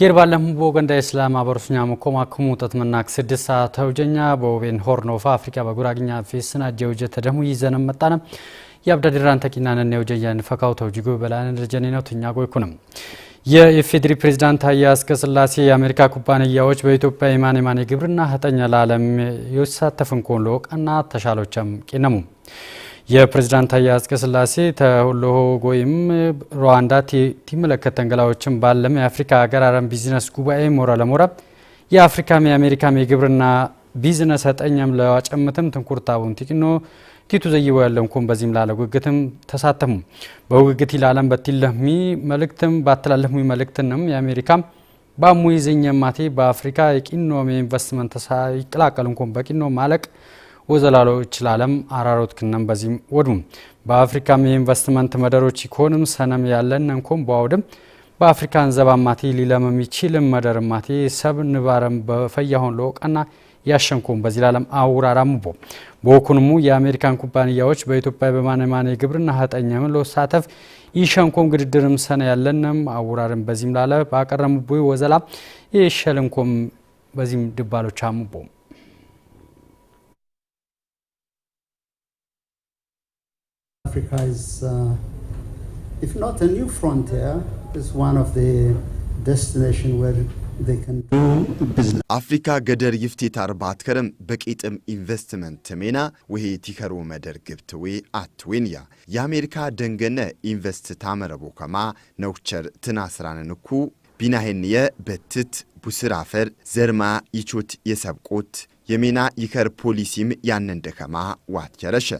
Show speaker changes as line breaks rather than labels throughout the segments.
ኬር ባለም በወገንዳ ኢስላም አበሩስኛ መኮማ ኩሙጠት መናክ ስድስት ሰዓት ተውጀኛ በኦቤን ሆርኖፋ አፍሪካ በጉራግኛ ፌስና ጀውጀ ተደሙ ይዘንም መጣነ የአብዳድራን ተቂናነን የውጀያን ፈካው ተውጅጉ በላን ደጀኔ ነው ትኛ ጎይኩንም የኢፌዴሪ ፕሬዝዳንት ታዬ አጽቀሥላሴ የአሜሪካ ኩባንያዎች በኢትዮጵያ የማኔ ማኔ ግብርና ህጠኛ ለዓለም የሳተፍንኮን ለወቅና ተሻሎቸም ቂነሙ የፕሬዝዳንት ታዬ አጽቀሥላሴ ተሆለሆ ጎይም ሩዋንዳ ቲመለከት ተንገላዎችን ባለም የአፍሪካ አገራረም ቢዝነስ ጉባኤ ሞራ ለሞራ የአፍሪካም የአሜሪካም የግብርና ቢዝነስ አጠኛም ለዋጨምትም ትንኩርታቡን ቲቅኖ ቲቱ ዘይቦ ኮን በዚህም ላለ ውግግትም ተሳተሙ በውግግት ይላለም በትለህሚ መልእክትም ባተላለፍሚ መልእክትንም የአሜሪካም ባሙይ ዘኘማቴ በአፍሪካ የቂኖም የኢንቨስትመንት ተሳ ይቀላቀልንኩም በቂኖ ማለቅ ወዘላሎች ለዓለም አራሮት ክነም በዚህም ወዱም በአፍሪካም የኢንቨስትመንት መደሮች ኢኮኖም ሰነም ያለን እንኮም በአውድም በአፍሪካን ዘባማቲ ሊለም የሚችልም መደርማቲ ሰብ ንባረም በፈያሆን ለወቀና ያሸንኩም በዚህ ለዓለም አውራራም ቦ በወኩንሙ የአሜሪካን ኩባንያዎች በኢትዮጵያ በማነማነ ግብርና ሀጠኛም ለሳተፍ ይሸንኩም ግድድርም ሰነ ያለንም አውራርም በዚህም ላለ ባቀረሙ ቦይ ወዘላ ይሸልንኩም በዚህም ድባሎች አሙቦም Africa is, uh,
if not a new frontier, is one of the destination where አፍሪካ ገደር ይፍቴ ታርባት ከረም በቂጥም ኢንቨስትመንት ሜና ውሄ ቲከሮ መደር ግብትዌ አትዌንያ የአሜሪካ ደንገነ ኢንቨስት ታመረቦ ከማ ነውቸር ትናስራንንኩ ቢናሄንየ በትት ቡስራፈር ዘርማ ይቾት የሰብቆት የሜና ይከር ፖሊሲም ያነን ደከማ ዋትቸረሸ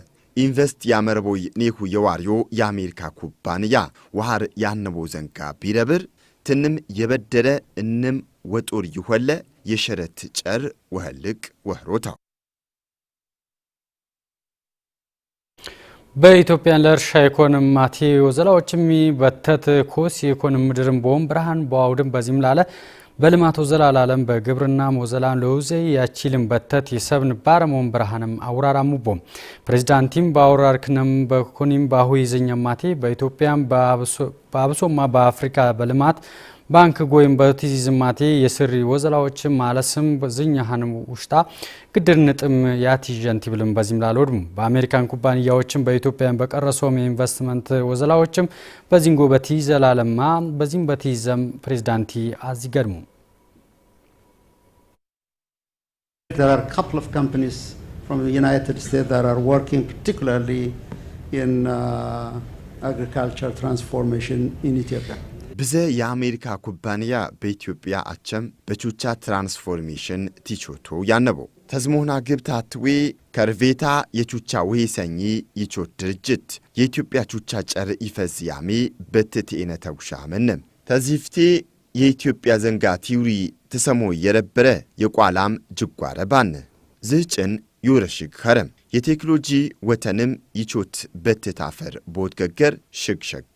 ኢንቨስት ያመረቦይ ኔሁ የዋርዮ የአሜሪካ ኩባንያ ውሃር ያነቦ ዘንጋ ቢረብር ትንም የበደረ እንም ወጦር ይሆለ የሸረት ጨር ወህልቅ ወህሮታ
በኢትዮጵያን ለእርሻ ኢኮኖም ማቴዎ ዘላዎችሚ በተት ኮስ የኢኮኖም ምድርን ቦም ብርሃን በዋውድን በዚህም ላለ በልማት በልማቶ ዘላላለም በግብርና ሞዘላን ለውዜ ያቺልን በተት የሰብን ባረሞን ብርሃንም አውራራም ቦ ፕሬዚዳንቲም በአውራርክንም በኮኒም ባሁ ይዘኛማቴ በኢትዮጵያም በአብሶማ በአፍሪካ በልማት ባንክ ጎይም በቲዚ ዝማቴ የስሪ ወዘላዎችን ማለስም ዝኛሃንም ውሽጣ ግድር ንጥም ያቲጀንት ይብልም በዚህም ላልወድሙ በአሜሪካን ኩባንያዎችም በኢትዮጵያን በቀረሶም የኢንቨስትመንት ወዘላዎችም በዚንጎ በቲዘላለማ በዚህም በቲዘም ፕሬዚዳንቲ አዚገድሙ
ብዘ የአሜሪካ ኩባንያ በኢትዮጵያ አቸም በቹቻ ትራንስፎርሜሽን ቲቾቶ ያነቦ ተዝሞና ግብታትዌ ከርቬታ የቹቻ ውሄ ይቾት ድርጅት የኢትዮጵያ ቹቻ ጨር ይፈዝ ያሜ በትትኤነ ተጉሻመንም ተዚፍቴ የኢትዮጵያ ዘንጋ ቲውሪ ትሰሞ የረበረ የቋላም ጅጓረ ባን ዝህጭን ይውረሽግ ከረም የቴክኖሎጂ ወተንም ይቾት በትታፈር ቦትገገር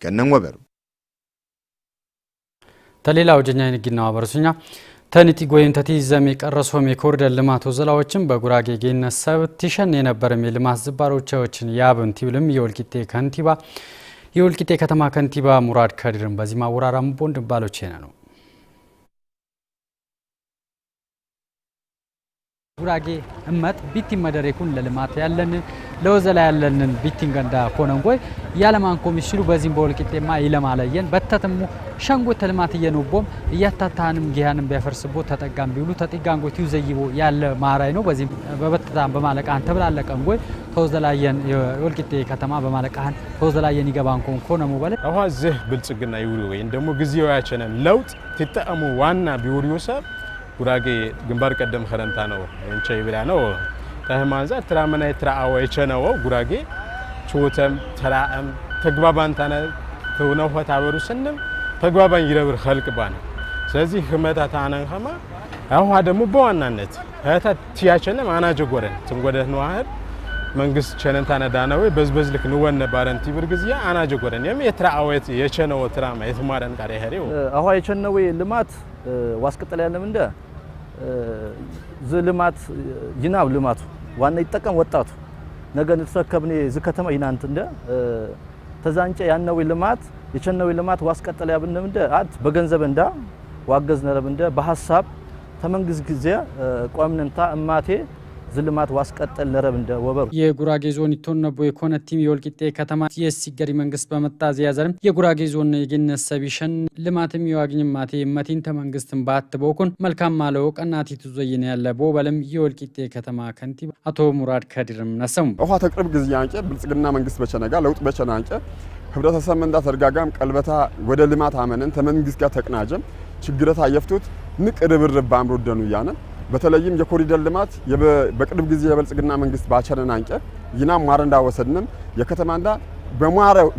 ገነን ወበሩ
ተሌላ ወጀኛ የንግድና ማህበረሰኛ ተንቲ ጎይን ተቲ ዘሜ ቀረሶም የኮሪደር ልማት ወዘላዎችን በጉራጌ ጌነት ሰብ ቲሸን የነበረም የልማት ዝባሮቻዎችን ያብን ቲብልም የወልቂጤ ከንቲባ የወልቂጤ ከተማ ከንቲባ ሙራድ ከድርን በዚህ ማወራራም ቦንድ ባሎች ነው ጉራጌ እመት ቢቲን መደሬኩን ለልማት ያለንን ለወዘላ ያለንን ቢቲን ገንዳ ኮነንጎይ ያለማን ኮሚሽኑ በዚህም በወልቂጤማ ይለማለየን በተተሙ ሸንጎ ተልማት እየኖቦም እያታታንም ጊያንም ቢያፈርስቦ ተጠጋም ቢውሉ ተጥጋንጎ ቲዩ ዘይቦ ያለ ማራይ ነው በዚህ በበተታን በማለቃን ተብላለቀን ጎይ ተወዘላየን የወልቂጤ ከተማ በማለቃን ተወዘላየን ይገባን ኮን ኮነሙ
በለ አሁን ዝህ ብልጽግና ይውሉ ወይ እንደሞ ግዚያው ያቸነን ለውጥ ትጠቀሙ ዋና ቢውሪዮሰብ ጉራጌ ግንባር ቀደም ከረንታ ነው ወንቸ ይብላ ነው ተህማንዛ ትራመና ትራአወ የቸነወ ጉራጌ ችውተም ተራአም ተግባባን ታነ ተውነው ሆታበሩ ስንም ተግባባን ይረብር ኸልቅ ባነ ስለዚህ ህመታ ታነን ኸማ አሁን ደግሞ በዋናነት ሀታ ቲያቸነ ማናጀ ጎረን ትንጎደ ነው አህር መንግስት ቸነን ታነዳነዌ በዝበዝ ልክ ንወነ ባረንቲ ብር ግዚያ አናጀ ጎረን የም የትራአወት የቸነወ ትራማ የትማረን ቃር አሁን
አሁ ወይ ልማት ዋስቀጠል ያለም እንደ ዝ ልማት ይናብ ልማቱ ዋና ይጠቀም ወጣቱ ነገ ንትረከብኔ ዝ ከተማ ይናንት እንደ ተዛንጨ ወይ ልማት ወይ ልማት ዋስቀጠል ያብንም እንደ አት በገንዘብ እንዳ ዋገዝ ነረብ እንደ በሀሳብ ተመንግስት ጊዜ ቋምንንታ እማቴ ዝልማት ዋስቀጠል ለረብ እንደ ወበሩ
የጉራጌ ዞን ኢቶነቦ ቲም የወልቂጤ ከተማ የስ ሲገሪ መንግስት በመጣ ዘያዘርም የጉራጌ ዞን የግነት ሰቢሸን ልማትም የዋግኝ ማቴ መቲንተ ተመንግስትን ባት በኩን መልካም ማለው ቀናቲ ትዘይን ያለ ቦበልም የወልቂጤ ከተማ ከንቲባ አቶ ሙራድ ከዲርም ነሰሙ
ውሃ ተቅርብ ጊዜ አንጨ ብልጽግና መንግስት በቸነጋ ለውጥ በቸና አንጨ ህብረተሰብ መንዳ ተርጋጋም ቀልበታ ወደ ልማት አመነን ተመንግስት ጋር ተቅናጀም ችግረታ የፍቱት ንቅ ርብርብ ባምሮ ደኑ እያነን በተለይም የኮሪደር ልማት በቅርብ ጊዜ የብልጽግና መንግስት ባቸነን አንቀ ይናም ማረንዳ ወሰድንም የከተማንዳ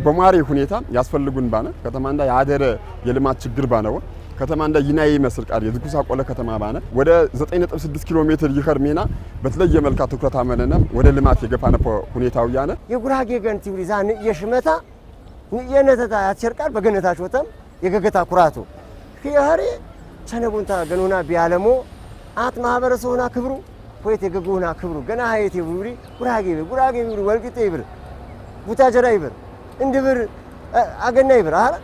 በማሪ ሁኔታ ያስፈልጉን ባነ ከተማንዳ የአደረ የልማት ችግር ባነው ከተማንዳ ይናይ መስል ቃል የዝኩሳ ቆለ ከተማ ባነ ወደ 9.6 ኪሎ ሜትር ይኸር ሜና በተለየ መልካ ትኩረት አመነነ ወደ ልማት የገፋነ ሁኔታው ያነ
የጉራጌ ገንቲ ውሪዛ የሽመታ የነተታ ያቸርቃል በገነታች ወተም የገገታ ኩራቱ ኸሪ ቸነቡንታ ገኑና ቢያለሞ አት ማህበረሰብ ክብሩ ፖይት የገጎ ክብሩ ገና ሀየት ይብሪ ጉራጌ ይብር ጉራጌ ይብር ወልቂጤ ይብር ቡታጀራ ይብር እንድብር አገና ይብር አረ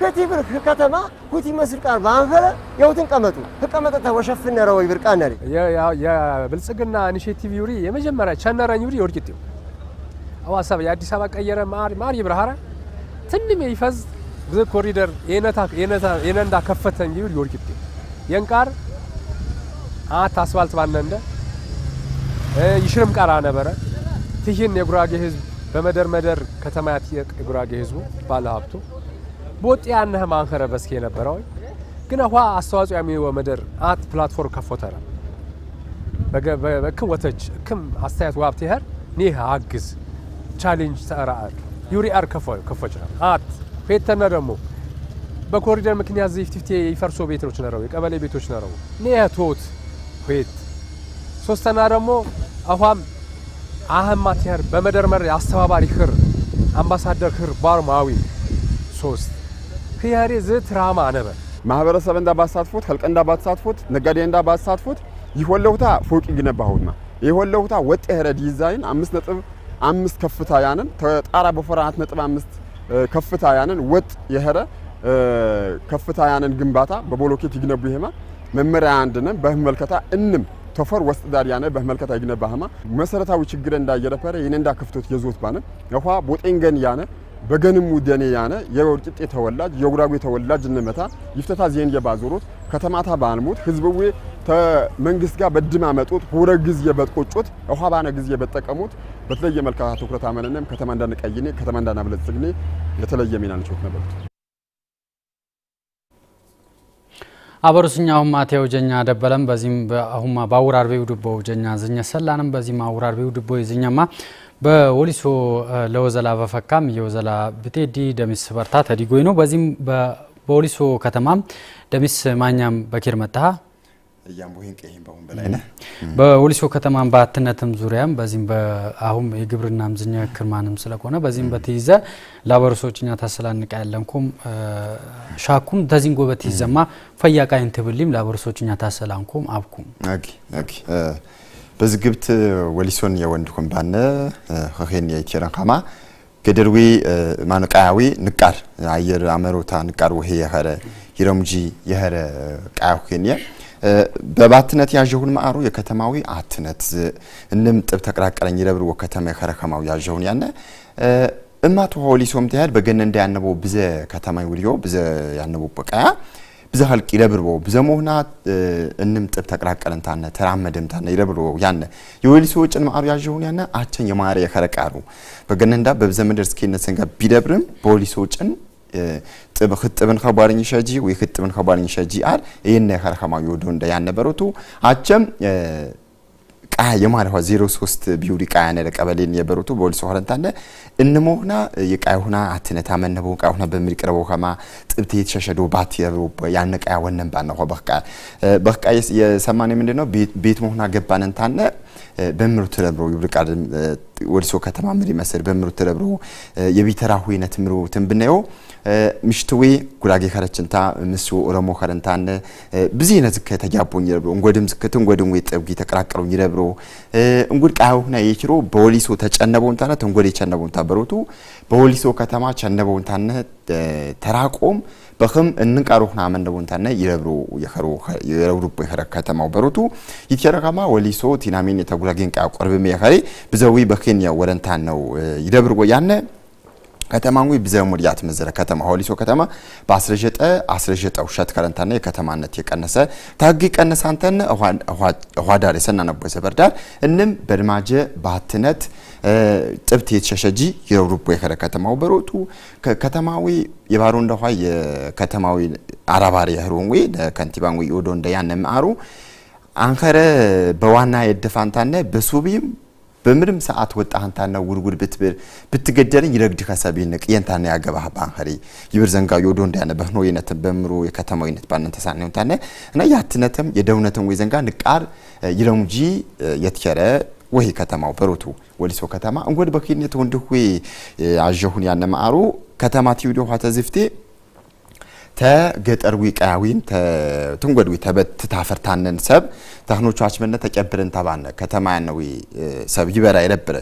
ከቲ ብር ከተማ ኩቲ መስል ቃር ባንፈለ የውትን ቀመጡ ህቀመጠ ተወሸፍነ ረው ይብር ቃነሪ
የብልጽግና ኢኒሼቲቭ ይውሪ የመጀመሪያ ቻናራኝ ይውሪ ወልቂጤው አዋሳብ የአዲስ አበባ ቀየረ ማሪ ማሪ ይብር አረ ትንም ይፈዝ ብዙ ኮሪደር የነታ የነታ የነንዳ ከፈተን ይውሪ ወልቂጤው የንቃር አት አስፋልት ባነንደ ይሽርም ቀራ ነበረ ትህን የጉራጌ ህዝብ በመደር መደር ከተማ ያትየቅ የጉራጌ ህዝቡ ባለ ሀብቱ ቦጥ ያነህ ማንከረ በስኪ ነበረ ወይ ግን አኋ አስተዋጽኦ የሚወ መደር አት ፕላትፎርም ከፎተረ በክም ወተች ክም አስተያየት ዋብት ይኸር ኒህ አግዝ ቻሌንጅ ተራአር ዩሪ አር ከፎች ነው አት ፌተነ ደግሞ በኮሪደር ምክንያት ዚፍቲፍቴ ይፈርሶ ቤቶች ነረው የቀበሌ ቤቶች ነረው ኒህ ቶት ቤት፣ ሶስተኛ ደግሞ አፋም አህማት ያር በመደርመር አስተባባሪ ክር አምባሳደር ክር ባርማዊ ሶስት ክያሬ ዝትራማ ነበር ማህበረሰብ እንዳ ባሳትፎት ከልቀ እንዳ ባሳትፎት ነጋዴ እንዳ ባሳትፎት ይሆለውታ ፎቅ ይግነባውና የሆለውታ ወጥ የሄረ ዲዛይን አምስት ነጥብ አምስት ከፍታ ያንን ተጣራ በፈራናት ነጥብ አምስት ከፍታ ያንን ወጥ የሄረ ከፍታ ያንን ግንባታ በቦሎኬት ይግነቡ ይሄማ መመሪያ አንድነን በመልከታ እንም ተፈር ወስጥ ዳር ያነ በህመልከታ ይግነ ባህማ መሰረታዊ ችግር እንዳየረፈረ የረፈረ ይነ እንዳ ክፍቶት የዞት ባነ ነፋ ቦጤንገን ያነ በገንም ውደኔ ያነ የወርጭጤ ተወላጅ የጉራጌ ተወላጅ እንመታ ይፍተታ ዜን የባዞሮት ከተማታ ባልሞት ህዝብዌ ተመንግስት ጋር በድማ መጦት ሁረ ጊዜ በጥቆጮት ውሃ ባነ ጊዜ በጠቀሙት በተለየ መልካታ ትኩረት አመነነም ከተማ እንዳንቀይኔ ከተማ እንዳናብለጽግኔ የተለየ ሚና ንቾት ነበሩት
አበሩስኛ አሁማ ቴው ጀኛ ደበለም በዚህም አሁማ ባውር አርቤው ድቦ ጀኛ ዝኛ ሰላንም በዚህም አውር አርቤው ድቦ ይዝኛማ በወሊሶ ለወዘላ በፈካም የወዘላ ብቴዲ ደሚስ በርታ ተዲጎይ ነው በዚህም በወሊሶ ከተማም ደሚስ ማኛም በኪር መጣሃ
እያምቡሄን ቀይም በሁን በላይ ነህ
በወሊሶ ከተማም በአትነትም ዙሪያም በዚህም በአሁን የግብርና ምዝኛ ክርማንም ስለሆነ በዚህም በትይዘ ላበርሶችኛ ታሰላንቃ ያለንኩም ሻኩም ተዚህን ጎበት ይዘማ ፈያቃይን ትብልም ላበርሶችኛ ታሰላንኩም አብኩም
አጊ ግብት ወሊሶን የወንድኩም ባነ ኸሄን የኢትራን ኸማ ገደርዊ ማነቃያዊ ንቃር አየር አመሮታ ንቃር ወሄ የኸረ ሂረሙጂ የኸረ ቃያሁ ኬንያ በባትነት ያጀሁን ማአሩ የከተማዊ አትነት እንም ጥብ ተቀራቀለኝ ይደብር ወከተማ የከረከማው ያጀሁን ያነ እማቱ ሆሊሶም ተያድ በገነ እንደ ያነበው ብዘ ከተማዊ ውልዮ ብዘ ያነበው በቃያ ብዘ ሀልቅ ይደብርቦ ብዘ ሞህና እንም ጥብ ተቀራቀለን ታነ ተራመደም ታነ ይደብርቦ ያነ የወሊሶ ወጭን ማአሩ ያጀሁን ያነ አቸኝ የማሪ የከረቃሩ በገነ እንዳ በብዘ ምድር ስኪነት ሰንጋ ቢደብርም በወሊሶ ወጭን ጥብን ከባርኝ ሸጂ ወይ ጥብን ከባርኝ ሸጂ አር ይህን ከርከማ የወደው እንደ ያነበሩቱ አቸም ቃ የማለኋ 03 ቢውሪ ቃ ያነ ቀበሌን የበሩቱ ቦልሶ ሆረንታነ እንሞና የቃይ ሆና አትነታ መነበ ቃይ ሆና በሚል ቅረበው ከማ ጥብት የተሸሸዶ ባት የሮበ ያነ ቃይ ወነን ባነሆ በቃ በቃ የሰማኔ ምንድነው ቤት መሆና ገባነንታነ በምሩ ትነብሮ ግብር ቃል ወዲሶ ከተማ ምሪ መሰል በምሩ ትነብሮ የቢተራ ሁይነት ምሩ ትንብነዮ ምሽትዌ ጉራጌ ከረችንታ ምስ ኦሮሞ ከረንታን ብዜነ ዝከ ተጃቦኝ ይደብሮ እንጎድም ዝከት እንጎድም ወይ ጠብጊ ተቀራቀሩኝ ይደብሮ እንጉድ ቃው ና የችሮ በወሊሶ ተጨነበውን ታነ ተንጎድ የቸነበውን ታበሮቱ በወሊሶ ከተማ ቸነበውን ታነ ተራቆም በኸም እንንቃሮኽና መንደቦንታነ ይረብሮ የኸሮ ይረብሩቦ የኸረ ከተማው በሮቱ ይትየረካማ ወሊሶ ቲናሚን የተጉላጊን ቃ ቆርብም የኸሪ ብዘዊ በኬንያ ወረንታን ነው ይደብር ያነ ከተማ እንጉ ብዘሙድ ያት መዘረ ከተማ ሆሊሶ ከተማ በ19 19 ውሸት ከረንታና የከተማነት የቀነሰ ታጊ ቀነሳንተን ሆዳ ሆዳ የሰናነቦ የሰበርዳር እንም በድማጀ ባትነት ጥብት የተሸሸጂ የሩቦ የከረ ከተማው በሮቱ ከተማዊ የባሮ እንደኋ የከተማዊ አራባሪ የህሩን ወይ ለከንቲባን ወይ ወዶ እንደ ያነ ማሩ አንከረ በዋና የደፋንታነ በሱቢም በምድም ሰዓት ወጣ አንታና ጉድጉድ ብትብር ብትገደልን ይረግድ ከሰብ ይንቅ የንታና ያገባህ ባንኸሪ ይብር ዘንጋ ይወዶ እንዳያነ በህኖ ይነት በምሮ የከተማዊነት ባነን ተሳነ ይንታነ እና ያትነተም የደውነተም ወይ ዘንጋ ንቃር ይረሙጂ የትከረ ወይ ከተማው በሮቱ ወሊሶ ከተማ እንጎድ በኪነት ወንድሁ አጀሁን ያነ ማአሩ ከተማ ቲዩዶ ኋተ ዝፍቴ ተገጠር ቀያዊን ትንጎድዊ ተበትታ ፈርታነን ሰብ ተክኖቹ አችመነ ተቀብረን ተባነ ከተማ ያነዊ ሰብ ይበራ ይነብረ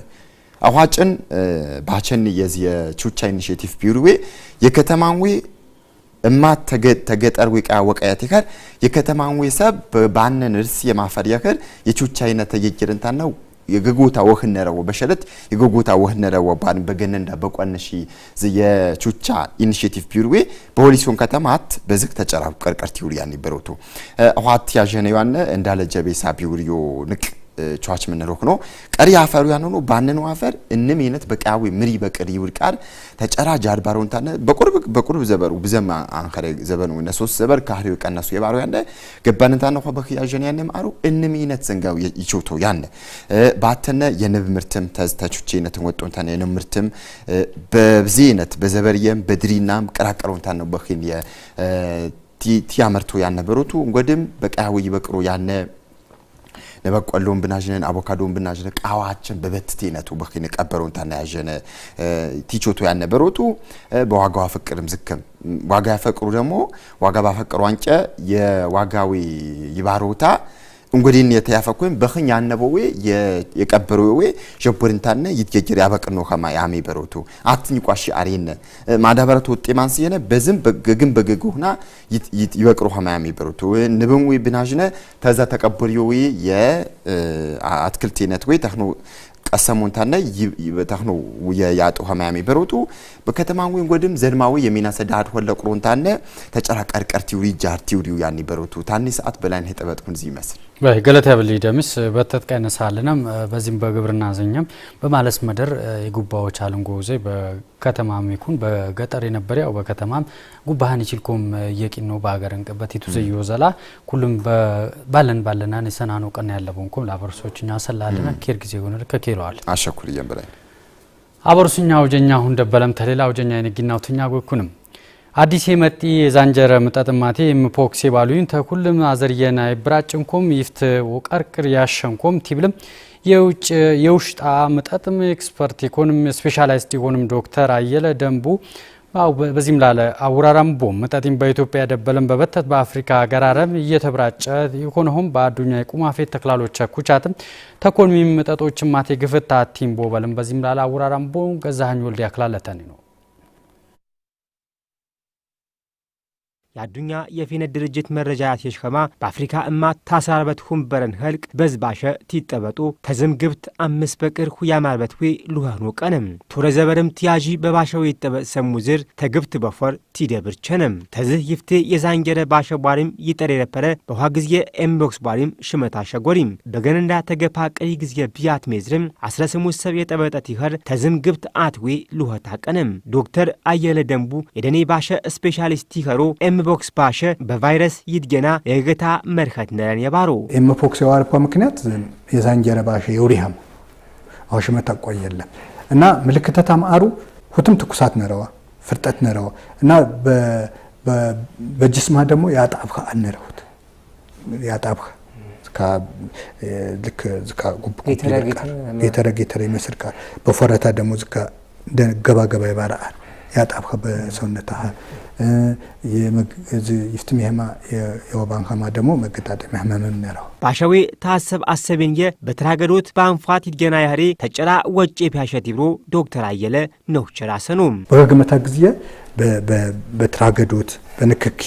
አዋጭን ባቸን የዚ የቹቻ ኢኒሼቲቭ ቢሩዌ የከተማዊ እማ ተገጠር ዊቃ ወቀያት ይካል የከተማዊ ሰብ ባነን እርስ የማፈር ያከል የቹቻ አይነት ተየጅርን ታነው የገጎታ ወህነረው በሸለት የገጎታ ወህነረው ባን በገነንዳ በቋነሺ የቹቻ ኢኒሼቲቭ ቢሩዌ በሆሊሶን ከተማ አት በዝግ ተጨራብ ይውል ያን ይበረቱ አዋት ያጀነው ያነ እንዳለ ጀቤሳ ቢውሪዮ ንቅ ቸዋች ምንሮክ ነው ቀሪ አፈሩ ያን ሆኖ ባንነው አፈር እንም ይነት በቃዊ ምሪ በቅሪ ውልቃር ተጨራ ጃድባሮን ታነ በቁርብ በቁርብ ዘበሩ ብዘም አንከረ ዘበኑ እና ሶስት ዘበር ካህሪው ቀነሱ የባሩ ያንደ ገባን ታነ ሆ በክያጀን ያን ማሩ እንም ይነት ዘንጋው ይቾቶ ያን ባተነ የንብ ምርትም ተዝተቹቼ ይነት ወጡን ታነ የንብ ምርትም በብዚ ይነት በዘበርየም በድሪናም ቀራቀሮን ታነ በኺን የ ቲ ቲያመርቶ ያነበሩቱ እንጎድም በቃዊ ይበቅሩ ያነ ንበቆሎን ብናዥነ አቮካዶን ብናዥነ ቃዋችን ብበትቴነቱ ብኺ ንቀበሮን እንታ ቲቾቱ ቲቾቶ ያነበሮጡ በዋጋዋ ፍቅርም ዝክም ዋጋ ያፈቅሩ ደግሞ ዋጋ ባፈቅሩ አንጨ የዋጋዊ ይባሮታ እንግዲህ የተያፈኩኝ በኸኝ ያነበው የቀበረው ወይ ጀቦሪንታነ ይትጀጀር ያበቅን ነው ከማ ያሜ በሮቱ አትኝ ቋሽ አሬነ ማዳበረቱ ወጤ ማንስ የነ በዝም በግግም በግግሁና ይበቅሩ ከማ ያሜ በሮቱ ንብም ወይ ብናጅነ ተዛ ተቀበሪው ወይ የአትክልትነት ወይ ተክኖ ቀሰሙን ቀሰሙንታነ ይበታኽኖ የያጡ ኸማያሚ በሮጡ በከተማውን ወድም ዘድማዊ የሚናሰ ዳድ ሆለ ቁሩን ቁሮንታነ ተጨራ ቀርቀር ቲውሪ ጃር ቲውሪው ያኒ በሮቱ ታኒ ሰዓት በላይን ሄጠበጥ ሁን ይመስል
ወይ ገለታ ያብል ደምስ በተት ቀነሳለናም በዚህም በግብርና ዘኛም በማለስ መደር የጉባዎች አልንጎ ዘይ ከተማም ይኩን በገጠር የነበረ ያው በከተማም ጉባህን ይችልኩም የቂኖ በሀገር እንቅበት የተዘዩ ዘላ ሁሉም ባለን ባለና ንሰና ነው ቀና ያለበንኩም ለአበርሶች እኛ ሰላልና ኬር ጊዜ ሆነ ከኬለዋል
አሸኩል እየን በላይ
አበርሱኛ አውጀኛ ሁን ደበለም ተሌላ አውጀኛ የነጊናው ትኛ ጎኩንም አዲስ የመጢ የዛንጀረ ምጠጥማቴ ምፖክሴ ባሉኝ ተኩልም አዘርየና ይብራጭንኩም ይፍት ወቀርቅር ያሸንኩም ቲብልም የውጭ የውሽጣ ምጠጥም ኤክስፐርት ኢኮኖሚ ስፔሻላይዝድ ኢኮኖሚ ዶክተር አየለ ደንቡ በዚህም ላለ አውራራም ቦም ምጠጢም በኢትዮጵያ ደበለም በበተት በአፍሪካ ገራረም እየተብራጨ ይኮነሆም በአዱኛ የቁማፌት ተክላሎች ኩቻትም ተኮንሚም ምጠጦችም ማቴ ግፍታ ቲምቦ በልም በዚህም ላለ አውራራም ቦም ገዛሃኝ ወልድ ያክላለተን ነው የአዱኛ የፊነት ድርጅት መረጃ ያትየሽ በአፍሪካ እማ ታሳርበት ሁንበረን ህልቅ በዝባሸ ቲጠበጡ ተዝም ግብት አምስት በቅር ሁያማርበት ዌ ሉሃኑ ቀንም ቱረ ዘበርም ቲያዢ በባሸው የጠበጥ ሰሙ ዝር ተግብት በፎር ቲደብር ቸንም ተዝህ ይፍቴ የዛንጀረ ባሸ ቧሪም ይጠር የረፐረ በኋ ጊዜ ኤምቦክስ ቧሪም ሽመታ ሸጎሪም በገንንዳ ተገፋ ቀሪ ጊዜ ብያት ሜዝርም አስረ ስሙት ሰብ የጠበጠ ቲኸር ተዝም ግብት አትዌ ሉኸታ ቀንም ዶክተር አየለ ደንቡ የደኔ ባሸ ስፔሻሊስት ቲኸሮ ኤም የቦክስ ባሸ በቫይረስ ይድገና የገታ መርከት ነረን የባሩ
ኤምፖክስ የዋርኳ ምክንያት የዛንጀረ ባሸ የውሪሃም አውሽመት አቋየለም እና ምልክተታም አሩ ሁትም ትኩሳት ነረዋ ፍርጠት ነረዋ እና በጅስማ ደግሞ ያጣብካ አነረሁት ያጣብካ ልክ ዝካ ጉብ የተረጌተረ ይመስል ቃል በፎረታ ደግሞ ዝካ ገባገባ ይባረአል ያጣብኸ በሰውነትሃ ይፍትም ህማ የወባን ኸማ ደግሞ መገጣጠሚያ ህመምም ነረው
ባሻዌ ታሰብ አሰቤንየ በተራገዶት በአንፏት ይድገና ያህሬ ተጨራ ወጭ ፒያሸት ይብሮ ዶክተር አየለ ነው ቸራሰኑም
በገመታ ጊዜ በተራገዶት በንክኪ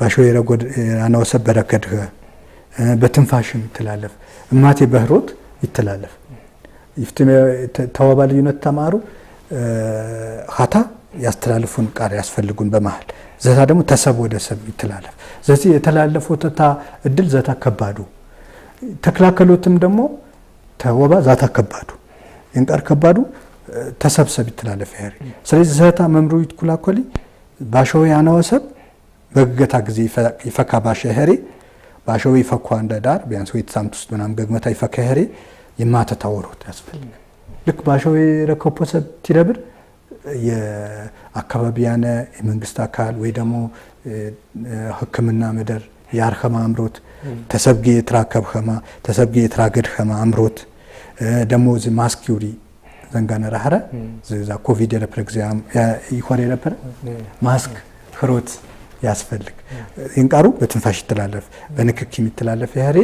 ባሻዌ አናወሰብ በረከድኸ በትንፋሽም ትላለፍ እማቴ በህሮት ይተላለፍ ይፍትም ተወባ ልዩነት ተማሩ ሀታ ያስተላልፉን ቃር ያስፈልጉን በመሀል ዘታ ደግሞ ተሰብ ወደ ሰብ ይተላለፍ ዘዚህ የተላለፈው ተታ እድል ዘታ ከባዱ ተክላከሎትም ደግሞ ተወባ ዛታ ከባዱ ይንቃር ከባዱ ተሰብሰብ ይተላለፍ ያሪ ስለዚህ ዘታ መምሩ ይትኩላኮሊ ባሸው ሰብ በግገታ ጊዜ ይፈካ ባሸ ሄሬ ባሸው ይፈኳ እንደ ዳር ቢያንስ ወይ ተሳምት ውስጥ ምናም ገግመታ ይፈካ ሄሬ የማተታወሩት ያስፈልጋል ልክ ባሸው የረከፖ ሰብ ትደብር የአካባቢ ያነ የመንግስት አካል ወይ ደግሞ ህክምና መደር የአርከማ አምሮት ተሰብጊ የትራከብ ከማ ተሰብጊ የትራገድ ከማ አምሮት ደግሞ እዚ ማስኪውሪ ዘንጋነ ራህረ ዛ ኮቪድ የነበረ ጊዜ ይኮር የነበረ ማስክ ህሮት ያስፈልግ ይንቃሩ በትንፋሽ ይተላለፍ በንክኪ የሚተላለፍ ያህሬ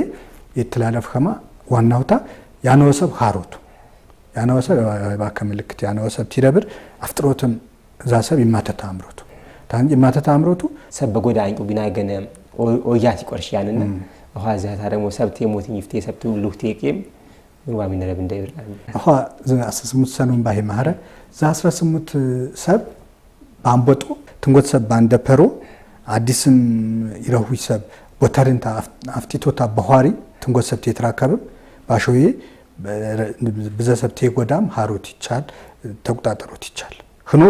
የተላለፍ ከማ ዋናውታ ያነወሰብ ሃሮቱ ያነወሰብ ባከ ምልክት ያነወሰብ ቲረብር አፍጥሮትም ዛሰብ ይማተታ አምሮቱ ይማተታ አምሮቱ
ሰብ በጎዳ አንቁ ቢና ገነ ኦያ ሲቆርሽ ያንነ ውሃ ዛታ ደግሞ ሰብቴ ሞትኝ ይፍቴ ሰብቴ ሉህቴ ቄም ምንዋ ሚነረብ እንዳይብር
ውሃ አስስሙት ሰኑን ባሄ ማህረ ዘአስራ ስሙት ሰብ በአንቦጦ ትንጎት ሰብ ባንደፐሮ አዲስም ይረሁይ ሰብ ቦተርንታ አፍጢቶታ በኋሪ ትንጎት ሰብ ቴትራከብም ባሾዬ ብዘሰብ ቴጎዳም ሀሮት ይቻል ተቆጣጠሮት ይቻል ህኖ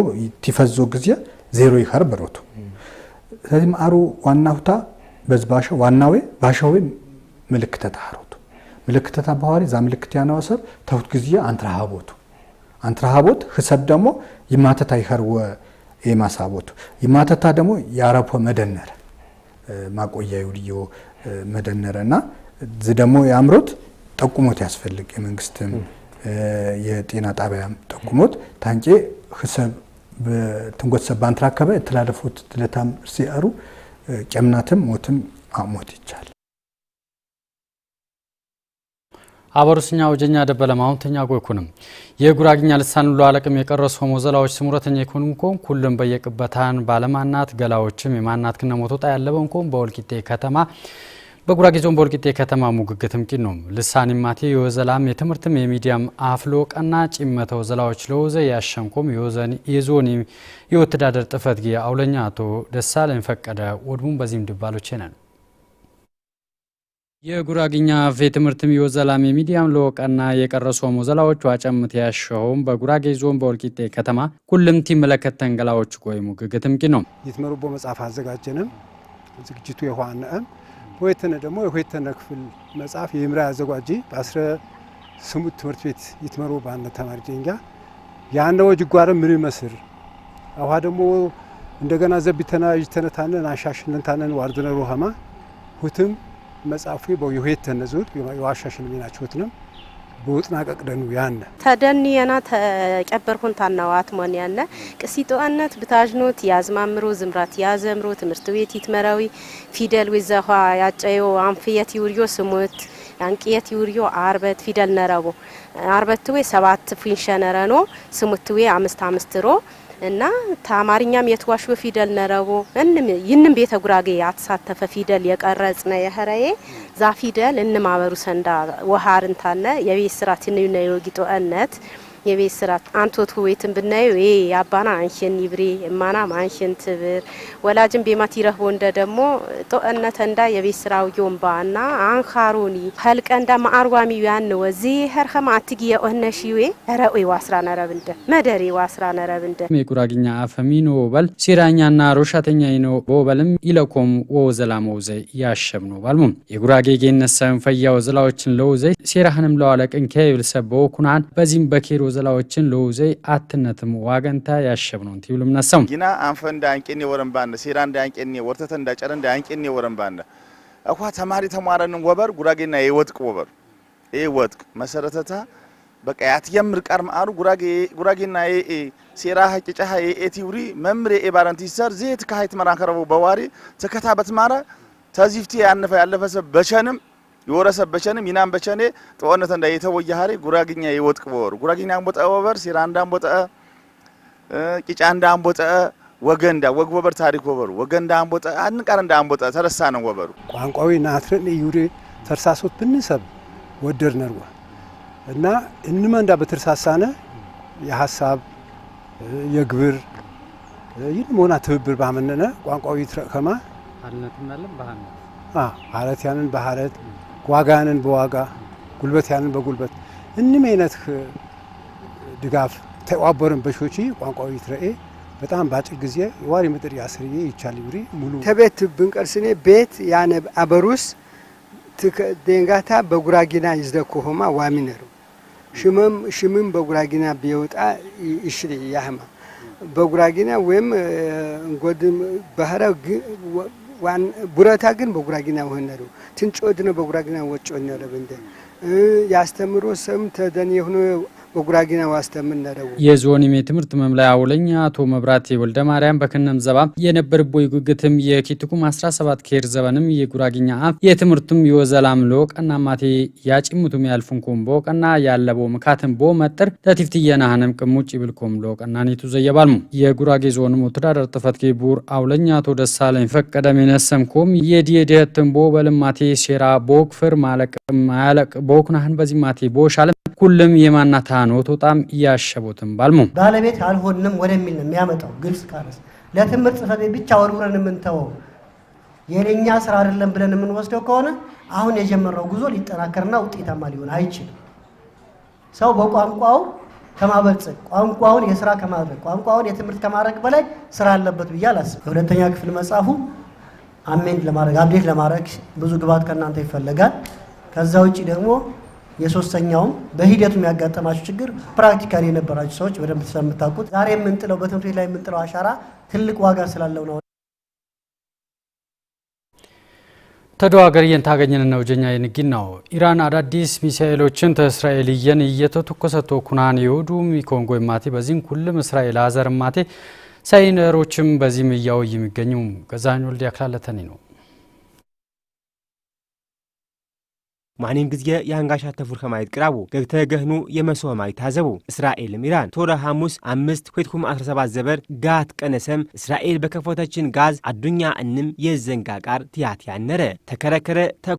ቲፈዞ ጊዜ ዜሮ ይኸር በሮቱ ስለዚህ አሩ ዋና ሁታ በዝ ባሻ ዋናዌ ባሻዌ ምልክተታ ሀሮቱ ምልክተታ ባህሪ ዛ ምልክት ያነዋ ሰብ ተሁት ጊዜ አንትረሃቦቱ አንትረሃቦት ህሰብ ደግሞ ይማተታ ይኸር ወ የማሳቦቱ ይማተታ ደግሞ የአረፖ መደነረ ማቆያ ይውልዮ መደነረ እና ዝ ደግሞ የአምሮት ጠቁሞት ያስፈልግ የመንግስትም የጤና ጣቢያም ጠቁሞት ታንቄ ህሰብ ትንጎት ሰብ ባንትራ አካባቢ ትለታም ሲያሩ ጨምናትም ሞትም አሞት ይቻል
አበሩስኛ ወጀኛ ደበለማውን ተኛ ጎይኩንም የጉራግኛ ልሳን ሉ አለቅም የቀረሱ ሆሞ ዘላዎች ስሙረተኛ ኢኮኖሚኮን ኩልም በየቅበታን ባለማናት ገላዎችም የማናት ክነሞት ወጣ ያለበንኮን በወልቂጤ ከተማ በጉራጌ ዞን በወልቂጤ ከተማ ሙግግትም ቂኖም ልሳኒ ማቴ የወዘላም የትምህርትም የሚዲያም አፍሎ ቀና ጭመተ ወዘላዎች ለወዘ ያሸንኮም የዞን የወተዳደር ጥፈት ጊ አውለኛ አቶ ደሳለኝ ፈቀደ ወድሙን በዚህም ድባሎች ነን የጉራግኛ አፌ ትምህርትም የወዘላም የሚዲያም ለወቀና የቀረሶም ወዘላዎች ዋጨምት ያሸውም በጉራጌ ዞን በወልቂጤ ከተማ ኩልምቲ መለከት ተንገላዎች ጎይ ሙግግትም ቂኖም
ይትመሩቦ መጽሐፍ አዘጋጀንም ዝግጅቱ የኋነእም ሆይተነ ደግሞ የሆይተነ ክፍል መጽሐፍ የምራ ያዘጓጂ በአስረ ስሙት ትምህርት ቤት ይትመሩ ባነ ተማሪ ጀንጋ ያነወ ጅጓረ ምን ይመስር አዋ ደግሞ እንደገና ዘቢተና ይተነታነን አሻሽልንታነን ዋርድነ ሩሃማ ሁትም መጽሐፉ በየሆይተነ ዙር የዋሻሽልሚ ናቸው ሁትንም ብውፅናቀ ቅደኑ ያነ
የና ተቀበርኩን ታናዋት ማን ያነ ቅሲጦአነት ብታጅኖት ያዝማምሮ ዝምራት ያዘምሮ ትምህርት ቤት ይትመራዊ ፊደል ወዛኋ ያጨዮ አንፍየት ይውርዮ ስሙት አንቅየት ይውርዮ አርበት ፊደል ነረቦ አርበት ወይ ሰባት ፊንሸነረኖ ስሙት ወይ አምስት አምስት ሮ እና ታማርኛም የትዋሽወ ፊደል ነረቦ እንም ይንም ቤተ ጉራጌ ያተሳተፈ ፊደል የቀረጽነ የህረዬ ዛ ፊደል እንማበሩ ሰንዳ ወሃርንታነ የቤት ስራ ትንዩ ነ የወጊጦ እነት የቤት ስራ አንቶት ሁዌትን ብናየው ይ አባና አንሽን ይብሬ እማና ማንሽን ትብር ወላጅን ቤማት ይረህቦ እንደ ደግሞ ጦእነት እንዳ የቤት ስራው ዮምባ እና አንካሮኒ ሀልቀ እንዳ ማአርጓሚ ያን ወዚ ሀርከማ አትጊ የኦነሽ ይዌ ረኡ ዋስራ ነረብ እንደ መደሪ ዋስራ ነረብ እንደ
የጉራግኛ አፈሚኖ ሴራኛ ና ሮሻተኛ ነው በበልም ይለኮም ወዘላ ዘ ያሸም ነው ባልሙም የጉራጌ ጌነሰን ፈያ ወዘላዎችን ለወዘ ሴራህንም ለዋለቅን ከይብል በወኩናን በዚህም በኬሮ ዘላዎችን ለውዘይ አትነትም ዋገንታ ያሸብ ነው እንቲብሉ ነሰው
ጊና አንፈ እንደ አንቄኔ ወረንባነ ሴራ እንደ አንቄኔ ወርተተ እንደ ጨረ እንደ አንቄኔ ወረንባነ አኳ ተማሪ ተማረንን ወበር ጉራጌና የወጥቅ ወበር ይሄ ወጥቅ መሰረተታ በቃ ያትየምር ቀር ማሩ ጉራጌ ጉራጌና ኤ ሴራ ሀቂ ጫሃ ኤ ቲውሪ መምሬ ኤ ሰር ዘይት ካይት መራከረው በዋሪ ተከታበት ማራ ተዚፍቲ ያነፈ ያለፈሰ በቸንም የወረሰብ በቸንም ይናም በቸኔ ጠወነት እንዳ የተወየ ሀሪ ጉራግኛ ይወጥቅ በወሩ ጉራግኛ አንቦጠ ወበር ሲራ እንዳ አንቦጠ ቂጫ እንዳ አንቦጠ ወገንዳ ወግ ወበር ታሪክ ወበሩ ወገንዳ አንቦጠ አንቃር እንዳ አንቦጠ ተረሳ ነው ወበሩ
ቋንቋዊ ናትረን ይውሪ ተርሳሶት ብንሰብ ወደር ነርዋ እና እንመንዳ በትርሳሳነ የሀሳብ የግብር ይህን መሆና ትብብር ባመነነ ቋንቋዊ ትረከማ
ሀረትም አለም አ ሀረት ያንን በሀረት ዋጋንን በዋጋ ጉልበት ያንን በጉልበት
እንም አይነት ድጋፍ ተዋበርን በሾቺ ቋንቋዊ ትረኤ በጣም ባጭር ጊዜ ዋሪ ምጥር ያስርዬ ይቻል ይብሪ ሙሉ ተቤት ብንቀርስኔ ቤት ያነ አበሩስ ደንጋታ በጉራጊና ይዝደኮሆማ ዋሚነሩ ሽመም ሽምም በጉራጊና ቢወጣ ይሽሪ ያህማ በጉራጊና ወይም እንጎድም ባህራ ዋን ቡረታ ግን በጉራጊና ወነሩ ትንጮድነ በጉራጊና ወጮነ ረብንደ ያስተምሮ ሰም ተደን የሆነ ወጉራጊና ዋስተምን ነደው
የዞን የትምህርት መምላይ አውለኛ አቶ መብራቴ ወልደ ማርያም በከነም ዘባ የነበር ቦይ ጉግትም የኪትኩም 17 ኬር ዘበንም የጉራጊኛ አፍ የትምህርቱም ይወዘላም ሎ ቀና ማቴ ያጭሙቱም ያልፉን ኮምቦ ቀና ያለቦ ምካትን ቦ መጥር ለቲፍት የናህንም ቅሙጭ ይብልኮም ሎ ቀና ኔቱ ዘየባልሙ የጉራጌ ዞን ወተዳደር ጥፈት ቡር አውለኛ አቶ ደሳለኝ ፈቀደ ሜነሰምኮም የዲየዲህትን ቦ በልማቴ ሴራ ቦክ ፍር ማለቅ ማለቅ ቦክናህን በዚህ ማቴ ቦሻለም ኩልም የማናታ ወጣም ያሸቦትን ባልሙ
ባለቤት አልሆንም ወደሚል ነው የሚያመጣው። ግልጽ ካለስ ለትምህርት ጽሕፈት ቤት ብቻ ወርውረን የምንተወው የእኛ ስራ አይደለም ብለን የምንወስደው ከሆነ አሁን የጀመረው ጉዞ ሊጠናከርና ውጤታማ ሊሆን አይችልም። ሰው በቋንቋው ከማበልጸግ ቋንቋውን የስራ ከማድረግ ቋንቋውን የትምህርት ከማድረግ በላይ ስራ አለበት ብዬ አላስብም። የሁለተኛ ክፍል መጽሐፉ አሜንድ ለማድረግ አብዴት ለማድረግ ብዙ ግብዓት ከእናንተ ይፈለጋል። ከዛ ውጭ ደግሞ የሶስተኛውም በሂደቱ የሚያጋጠማቸው ችግር ፕራክቲካል የነበራቸው ሰዎች በደንብ ስለምታውቁት ዛሬ የምንጥለው በትምህርት ቤት ላይ የምንጥለው አሻራ ትልቅ ዋጋ ስላለው ነው።
ተደዋገር እየን ታገኘን ነው ጀኛ የንግን ነው ኢራን አዳዲስ ሚሳኤሎችን ተእስራኤል እየን እየተተኮሰቶ ኩናን የወዱ ሚኮንጎ ማቴ በዚህም ሁሉም እስራኤል አዘር ማቴ ሳይነሮችም በዚህም እያው የሚገኙ ገዛኝ ወልድ ያክላለተኒ ነው ማንም ጊዜ የአንጋሻ ተፉር ከማየት ቅራቡ ደግተ ገህኑ የመስሆ ማይ ታዘቡ እስራኤልም ኢራን ቶረ ሐሙስ አምስት ኮትኩም 17 ዘበር ጋት ቀነሰም እስራኤል በከፈተችን ጋዝ አዱኛ እንም የዘንጋ ቃር ትያት ያነረ ተከረከረ